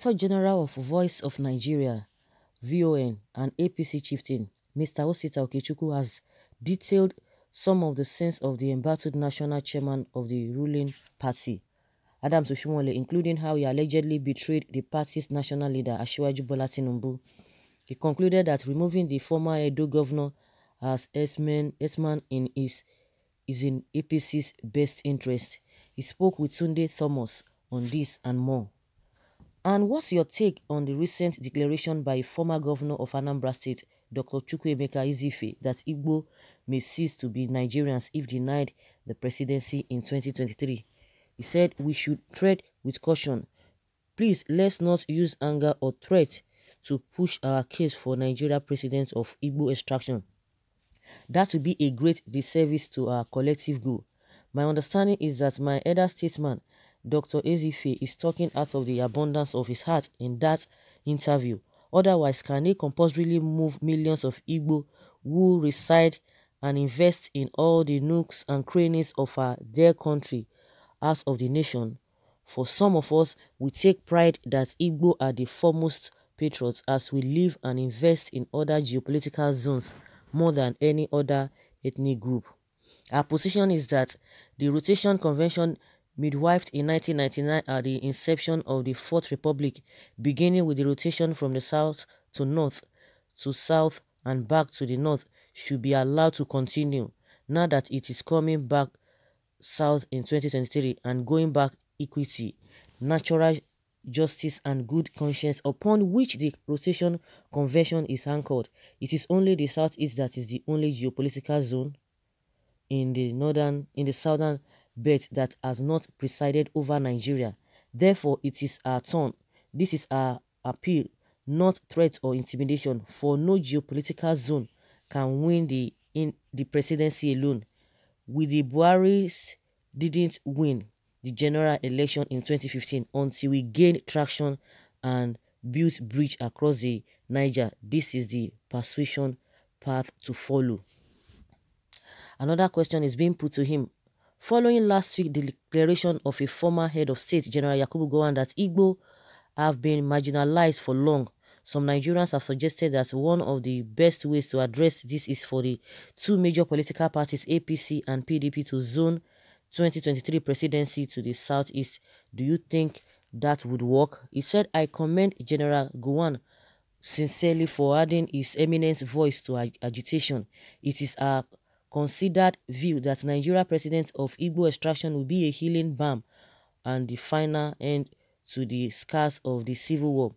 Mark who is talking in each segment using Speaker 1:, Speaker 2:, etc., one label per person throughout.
Speaker 1: Director General of Voice of Nigeria (VON) and APC chieftain Mr. Osita Okechukwu has detailed some of the sins of the embattled national chairman of the ruling party, Adams Oshimole, including how he allegedly betrayed the party's national leader Ashwaju Bolatinumbu. He concluded that removing the former Edo governor as S-man in his is in APC's best interest. He spoke with Sunday Thomas on this and more. And what's your take on the recent declaration by former governor of Anambra State, Dr. Chukwuemeka Izife, that Igbo may cease to be Nigerians if denied the presidency in 2023? He said we should tread with caution. Please let's not use anger or threat to push our case for Nigeria president of Igbo extraction. That would be a great disservice to our collective good. My understanding is that my elder statesman Dr. Ezefe is talking out of the abundance of his heart in that interview. Otherwise, can they compulsorily move millions of Igbo who reside and invest in all the nooks and crannies of our dear country as of the nation? For some of us, we take pride that Igbo are the foremost patriots as we live and invest in other geopolitical zones more than any other ethnic group. Our position is that the rotation convention midwifed in 1999 at the inception of the Fourth Republic, beginning with the rotation from the south to north, to south and back to the north, should be allowed to continue now that it is coming back south in 2023 and going back equity, natural justice and good conscience upon which the rotation convention is anchored. It is only the southeast that is the only geopolitical zone in the northern in the southern birth that has not presided over Nigeria. Therefore, it is our turn. This is our appeal, not threat or intimidation, for no geopolitical zone can win the in the presidency alone. With the Boaris didn't win the general election in 2015 until we gain traction and build bridge across the Niger. This is the persuasion path to follow. Another question is being put to him Following last week's declaration of a former head of state, General Yakubu Gowon, that Igbo have been marginalized for long, some Nigerians have suggested that one of the best ways to address this is for the two major political parties, APC and PDP, to zone 2023 presidency to the southeast. Do you think that would work? He said, I commend General Gowon sincerely for adding his eminent voice to ag agitation. It is our considered view that Nigeria president of Igbo extraction will be a healing balm and the final end to the scars of the civil war.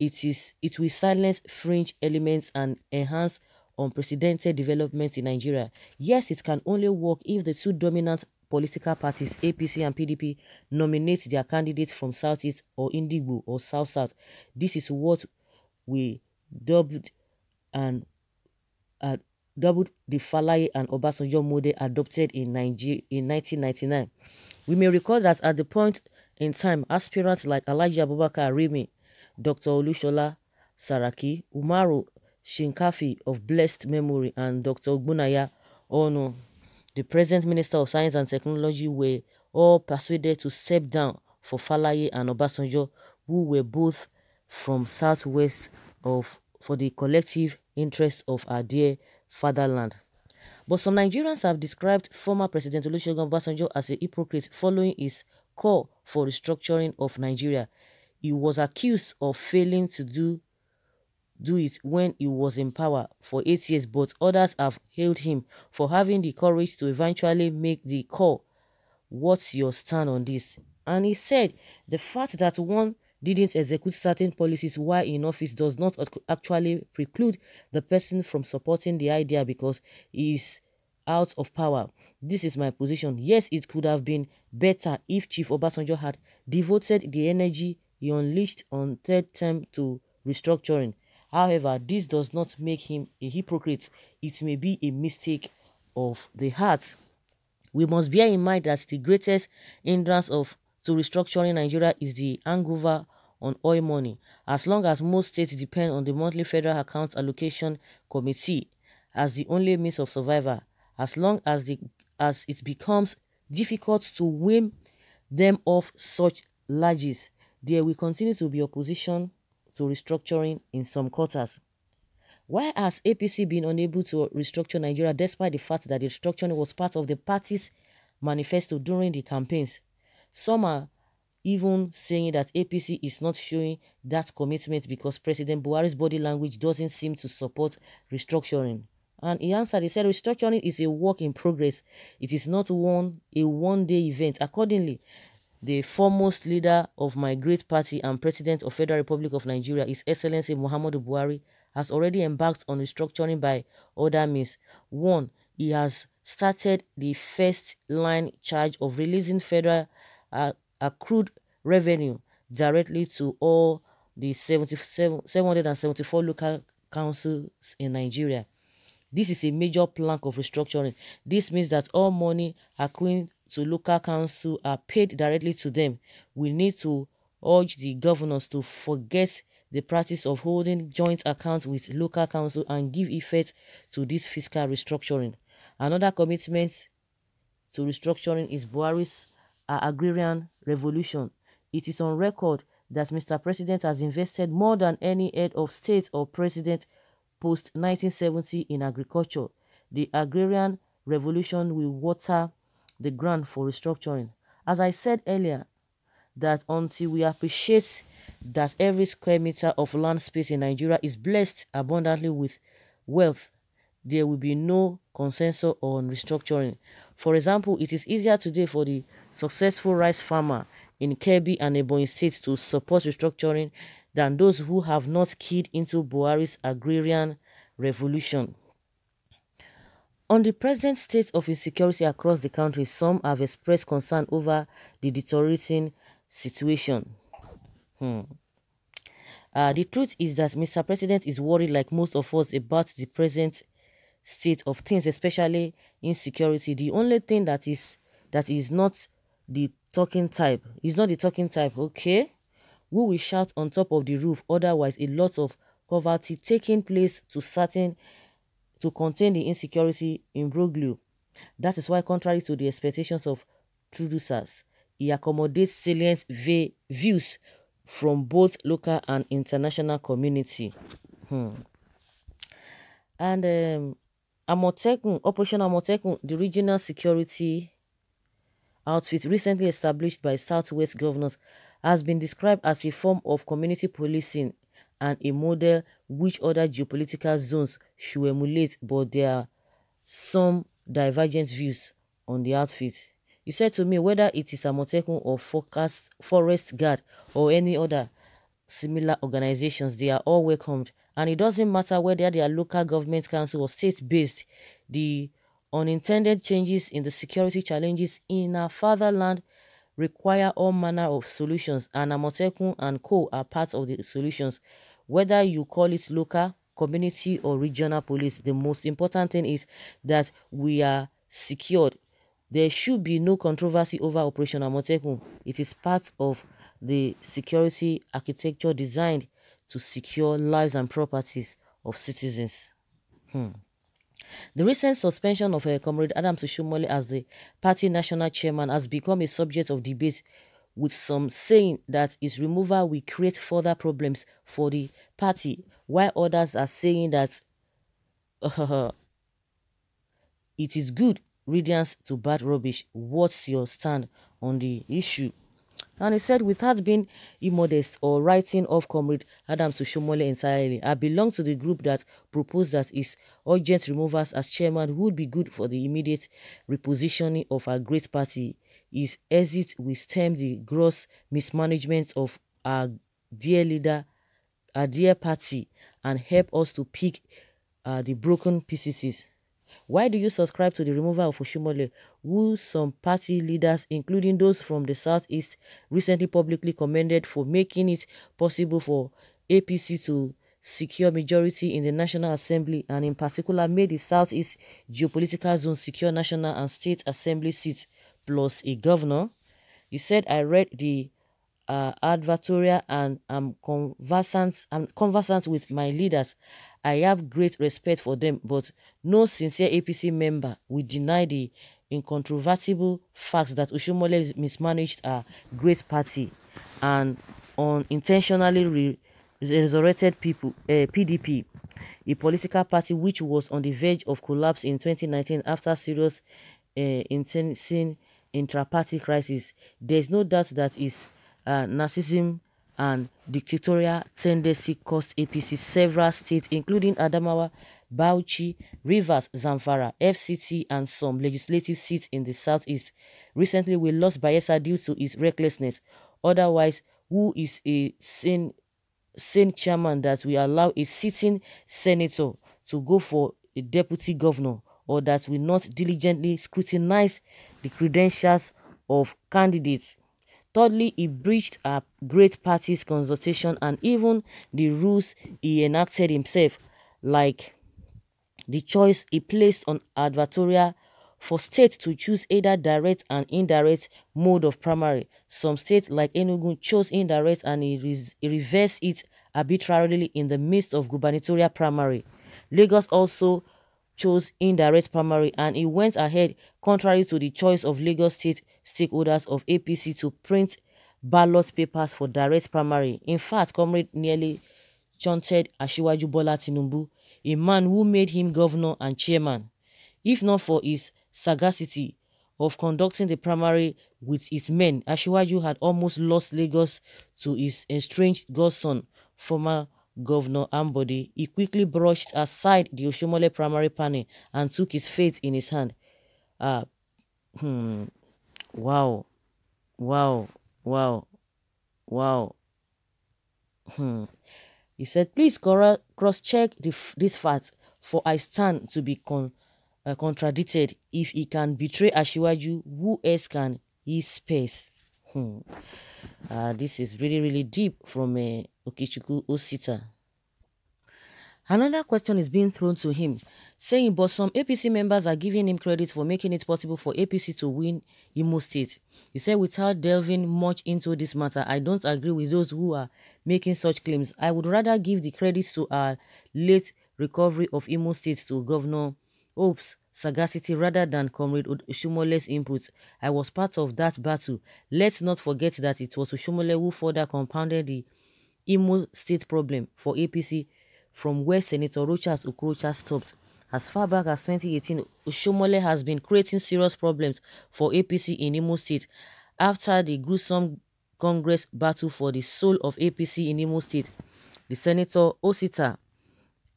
Speaker 1: It is it will silence fringe elements and enhance unprecedented developments in Nigeria. Yes, it can only work if the two dominant political parties, APC and PDP, nominate their candidates from Southeast or Indigo or South South. This is what we dubbed and uh, doubled the Falaye and Obasanjo model adopted in, Niger in 1999. We may recall that at the point in time, aspirants like Elijah Abubakar Rimi, Dr. Olushola Saraki, Umaru Shinkafi of blessed memory, and Dr. Ogbunaya Ono, the present Minister of Science and Technology, were all persuaded to step down for Falaye and Obasanjo, who were both from southwest of for the collective interest of our dear fatherland. But some Nigerians have described former President Olusegun Obasanjo as a hypocrite following his call for restructuring of Nigeria. He was accused of failing to do, do it when he was in power for eight years, but others have hailed him for having the courage to eventually make the call. What's your stand on this? And he said the fact that one didn't execute certain policies while in office does not actually preclude the person from supporting the idea because he is out of power. This is my position. Yes, it could have been better if Chief Obasanjo had devoted the energy he unleashed on third term to restructuring. However, this does not make him a hypocrite. It may be a mistake of the heart. We must bear in mind that the greatest hindrance of to restructuring Nigeria is the hangover on oil money, as long as most states depend on the monthly Federal Accounts Allocation Committee as the only means of survival, as long as, the, as it becomes difficult to wean them off such larges, there will continue to be opposition to restructuring in some quarters. Why has APC been unable to restructure Nigeria despite the fact that the restructuring was part of the party's manifesto during the campaigns? Some are even saying that APC is not showing that commitment because President Buhari's body language doesn't seem to support restructuring. And he answered, he said, restructuring is a work in progress. It is not one a one-day event. Accordingly, the foremost leader of my great party and president of Federal Republic of Nigeria, His Excellency Muhammadu Buhari, has already embarked on restructuring by other means. One, he has started the first line charge of releasing federal accrued revenue directly to all the 774 local councils in Nigeria. This is a major plank of restructuring. This means that all money accruing to local council are paid directly to them. We need to urge the governors to forget the practice of holding joint accounts with local council and give effect to this fiscal restructuring. Another commitment to restructuring is Buhari's a agrarian revolution. It is on record that Mr. President has invested more than any head of state or president post-1970 in agriculture. The agrarian revolution will water the ground for restructuring. As I said earlier, that until we appreciate that every square meter of land space in Nigeria is blessed abundantly with wealth, there will be no consensus on restructuring. For example, it is easier today for the successful rice farmer in Kirby and Ebony states to support restructuring than those who have not keyed into Buhari's agrarian revolution. On the present state of insecurity across the country, some have expressed concern over the deteriorating situation. Hmm. Uh, the truth is that Mr. President is worried like most of us about the present state of things, especially insecurity. The only thing that is that is not the talking type. Is not the talking type, okay? Who will shout on top of the roof? Otherwise, a lot of poverty taking place to certain to contain the insecurity in Broglio. That is why, contrary to the expectations of producers, he accommodates salient views from both local and international community. Hmm. And um, Amotekun, Operation Amotekun, the regional security outfit recently established by Southwest governors, has been described as a form of community policing and a model which other geopolitical zones should emulate, but there are some divergent views on the outfit. You said to me whether it is Amotekun or Forest Guard or any other similar organizations, they are all welcomed and it doesn't matter whether they are local government council or state-based, the unintended changes in the security challenges in our fatherland require all manner of solutions and Amotekun and Co are part of the solutions, whether you call it local, community or regional police. The most important thing is that we are secured. There should be no controversy over Operation Amotekun. It is part of the security architecture designed to secure lives and properties of citizens. Hmm. The recent suspension of uh, Comrade Adam Sushumole as the party national chairman has become a subject of debate with some saying that his removal will create further problems for the party, while others are saying that uh, it is good riddance to bad rubbish. What's your stand on the issue? And he said, without being immodest or writing off Comrade Adam Sushomole entirely, I belong to the group that proposed that his urgent removals as chairman would be good for the immediate repositioning of our great party. His exit will stem the gross mismanagement of our dear leader, our dear party, and help us to pick uh, the broken pieces why do you subscribe to the removal of Oshimole, who some party leaders, including those from the southeast, recently publicly commended for making it possible for APC to secure majority in the National Assembly and in particular made the southeast geopolitical zone secure national and state assembly seats plus a governor? He said, I read the uh, advertorial and am conversant, I'm conversant with my leaders. I have great respect for them, but no sincere APC member would deny the incontrovertible fact that Oshomole mismanaged a great party and unintentionally re resurrected people, uh, eh, PDP, a political party which was on the verge of collapse in 2019 after serious uh, intra-party crisis. There is no doubt that his uh, eh, narcissism and dictatorial tendency cost APC several states including Adamawa, Bauchi, Rivers, Zamfara, FCT and some legislative seats in the southeast. Recently we lost Bayelsa due to his recklessness. Otherwise, who is a sane, sane chairman that will allow a sitting senator to go for a deputy governor or that will not diligently scrutinize the credentials of candidates Thirdly, he breached a great party's consultation and even the rules he enacted himself, like the choice he placed on advertorial for states to choose either direct and indirect mode of primary. Some states like Enugu chose indirect and he, he reversed it arbitrarily in the midst of gubernatorial primary. Lagos also chose indirect primary and he went ahead contrary to the choice of Lagos state stakeholders of APC to print ballot papers for direct primary. In fact, Comrade nearly chanted Ashiwaju Bola Tinubu, a man who made him governor and chairman. If not for his sagacity of conducting the primary with his men, Ashiwaju had almost lost Lagos to his estranged godson, former Governor Ambodi, he quickly brushed aside the Oshomole primary panel and took his fate in his hand. Uh, hmm, wow, wow, wow, wow. Hmm. He said, please cross-check this fact, for I stand to be con uh, contradicted. If he can betray Ashiwaju, who else can he space? Hmm. Uh, this is really, really deep from uh, Okichiku Osita. Another question is being thrown to him, saying, but some APC members are giving him credit for making it possible for APC to win Imo State. He said, without delving much into this matter, I don't agree with those who are making such claims. I would rather give the credit to our late recovery of Imo State to Governor Hopes sagacity rather than Comrade Ushumole's input. I was part of that battle. Let's not forget that it was Ushumole who further compounded the Imo state problem for APC from where Senator Rochas Ukrocha stopped. As far back as 2018, Ushomole has been creating serious problems for APC in Imo State after the gruesome Congress battle for the soul of APC in Imo State. The Senator Osita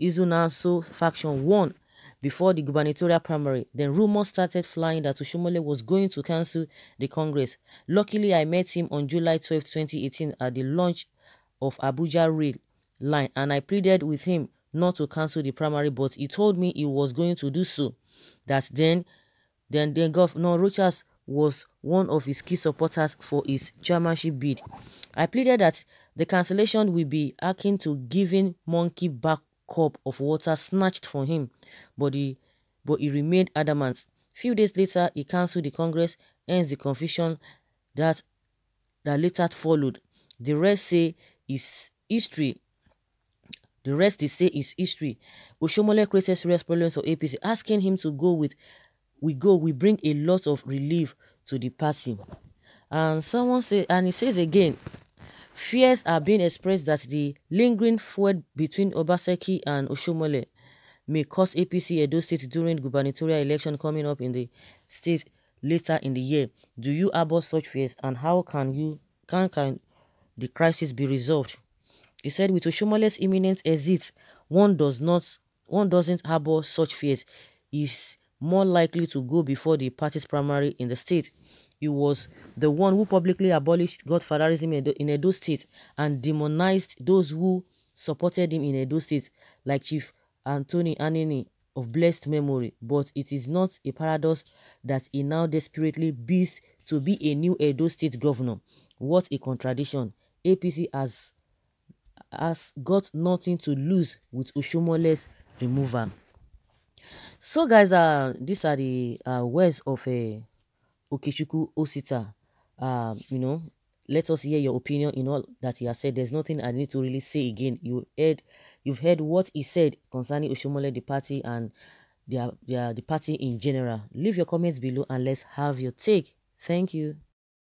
Speaker 1: Izunanso faction won before the gubernatorial primary. Then rumors started flying that Oshomole was going to cancel the Congress. Luckily, I met him on July 12, 2018 at the launch of Abuja Rail Line and I pleaded with him not to cancel the primary but he told me he was going to do so. That then, then, then Governor Rochas was one of his key supporters for his chairmanship bid. I pleaded that the cancellation will be akin to giving monkey back cup of water snatched from him, but he, but he remained adamant. Few days later, he cancelled the Congress, and the confession that, that later followed. The rest say is history. The rest they say is history. Oshomole created serious problems for APC, asking him to go with, we go, we bring a lot of relief to the party. And someone said, and he says again, Fears are being expressed that the lingering feud between Obaseki and Oshomole may cost APC Edo State during gubernatorial election coming up in the state later in the year. Do you harbor such fears and how can you can can the crisis be resolved? He said with Oshomole's imminent exit, one does not one doesn't harbor such fears. Is more likely to go before the party's primary in the state. He was the one who publicly abolished godfatherism in Edo State and demonized those who supported him in Edo State, like Chief Anthony Anini of blessed memory. But it is not a paradox that he now desperately bids to be a new Edo State governor. What a contradiction. APC has, has got nothing to lose with Oshomole's removal. So guys, uh, these are the uh, words of uh, Okechukwu Osita. Um, you know, let us hear your opinion in all that he has said. There's nothing I need to really say again. You heard, you've heard what he said concerning Oshomole, the party, and their, their, the party in general. Leave your comments below and let's have your take. Thank you.